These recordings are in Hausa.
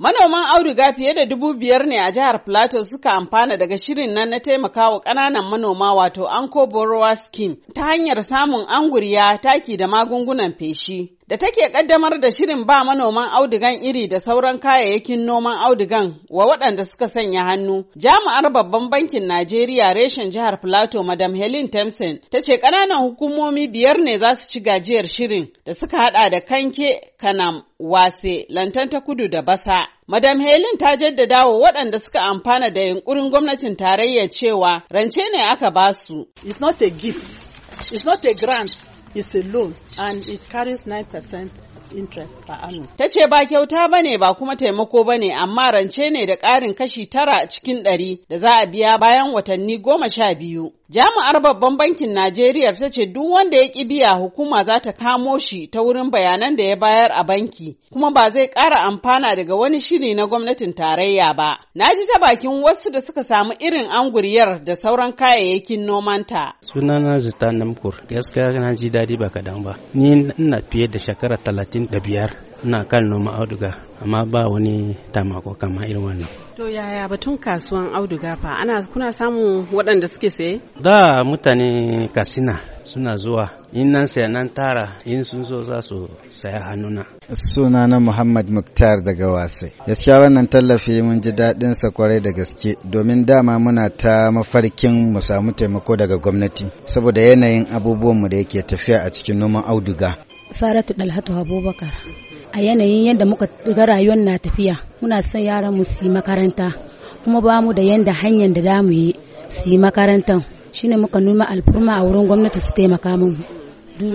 Manoman auduga fiye da dubu biyar ne a jihar Plateau suka amfana daga shirin nan na taimakawa ƙananan manoma wato Anko Borowa Scheme ta hanyar samun anguriya taki da magungunan feshi. da take kaddamar da shirin ba manoman audigan iri da sauran kayayyakin noman audigan wa waɗanda suka sanya hannu jami'ar babban bankin najeriya reshen jihar plateau madam helen thompson ta ce ƙananan hukumomi biyar ne za su ci gajiyar shirin da suka hada da kanke kanam wase lantan ta kudu da basa Madam Helen ta jaddada wa waɗanda suka amfana da yunkurin gwamnatin tarayya cewa rance ne aka basu. It's not a gift, it's not a grant, is a loan and it carries 9% interest per annum. Ta ce ba kyauta ba ne ba kuma taimako ba ne amma rance ne da ƙarin kashi tara cikin ɗari da za a biya bayan watanni goma sha biyu. Jami'ar Babban Bankin Najeriya ta ce duk wanda ya ƙi biya hukuma za ta kamo shi ta wurin bayanan da ya bayar a banki, kuma ba zai ƙara amfana daga wani shiri na gwamnatin tarayya ba. Na ji ta bakin wasu da suka samu irin anguriyar da sauran kayayyakin nomanta. Sunana Zita Namkur, gaskiya na ji daɗi ba kaɗan ba. Ni ina fiye da shekara talatin da biyar ina kan noma auduga amma ba wani tamako kama irin wannan to yaya batun kasuwan auduga fa ana kuna samun waɗanda suke saye da mutane kasina suna zuwa in nan saya nan tara in sun zo za su saya hannuna suna na muhammad muktar daga wasai gaskiya wannan tallafi mun ji daɗin sa kwarai da gaske domin dama muna ta mafarkin mu samu taimako daga gwamnati saboda yanayin abubuwan mu da yake tafiya a cikin noman auduga saratu dalhatu abubakar a yanayin yadda muka ga rayuwar na tafiya muna son yaran mu su yi makaranta kuma ba mu da yadda hanyar da damu yi su yi makarantan shine muka nuna alfurma a wurin gwamnati su taimaka mun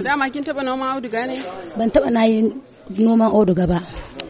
dama kin taba noman auduga ne ban taba na yi noman auduga ba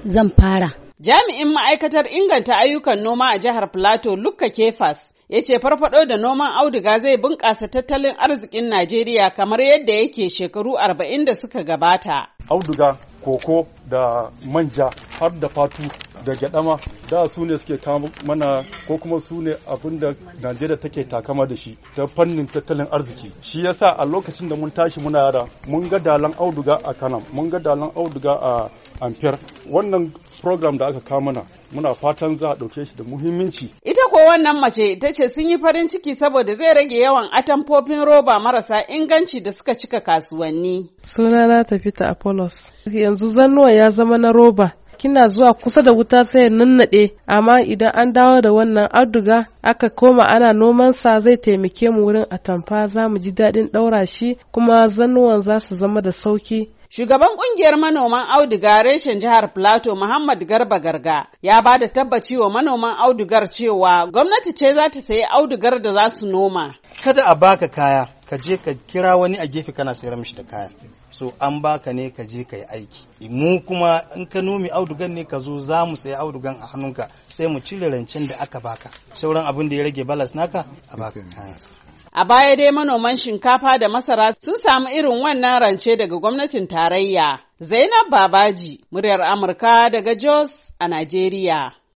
zan fara Jami'in ma'aikatar inganta ayyukan noma a jihar Plateau Lukka Kefas ya ce farfado da noman auduga zai bunƙasa tattalin arzikin Najeriya kamar yadda yake shekaru arba'in da suka gabata. Auduga, koko da manja har da fatu da gyadama da su ne suke kama mana ko kuma su ne abin da Najeriya take takama da shi ta fannin tattalin arziki shi yasa a lokacin da mun tashi muna yara mun ga dalan auduga a Kano mun ga dalan auduga a amfiyar wannan program da aka kawo mana muna fatan za a ɗauke shi da muhimmanci. Ita ko wannan mace ita ce sun yi farin ciki saboda zai rage yawan atamfofin roba marasa inganci da suka cika kasuwanni. suna Sunana Tafita Apollos. Yanzu zannuwa ya zama na roba. Kina zuwa kusa da wuta sai nannaɗe, amma idan an dawo da wannan auduga aka koma ana noman sa zai taimake mu wurin atamfa za mu ji daɗin ɗaura shi kuma zannuwan za su zama da sauki. Shugaban kungiyar manoman auduga reshen jihar Plato Muhammad Garba Garga ya ba da tabbaci wa manoman audugar cewa gwamnati ce za ta sayi audugar da za su noma. Kada a baka kaya, ka je ka kira wani a gefe kana sayar mishi da kaya. So an baka ne ka je ka yi aiki. Mu kuma in ka nomi audugan ne ka zo za mu sayi audugan a hannunka sai mu cire rancen da aka baka. Sauran abin da ya rage balas naka a baka kaya. A baya dai manoman shinkafa da masara sun samu irin wannan rance daga gwamnatin tarayya. Zainab Babaji, muryar Amurka daga Jos a Najeriya.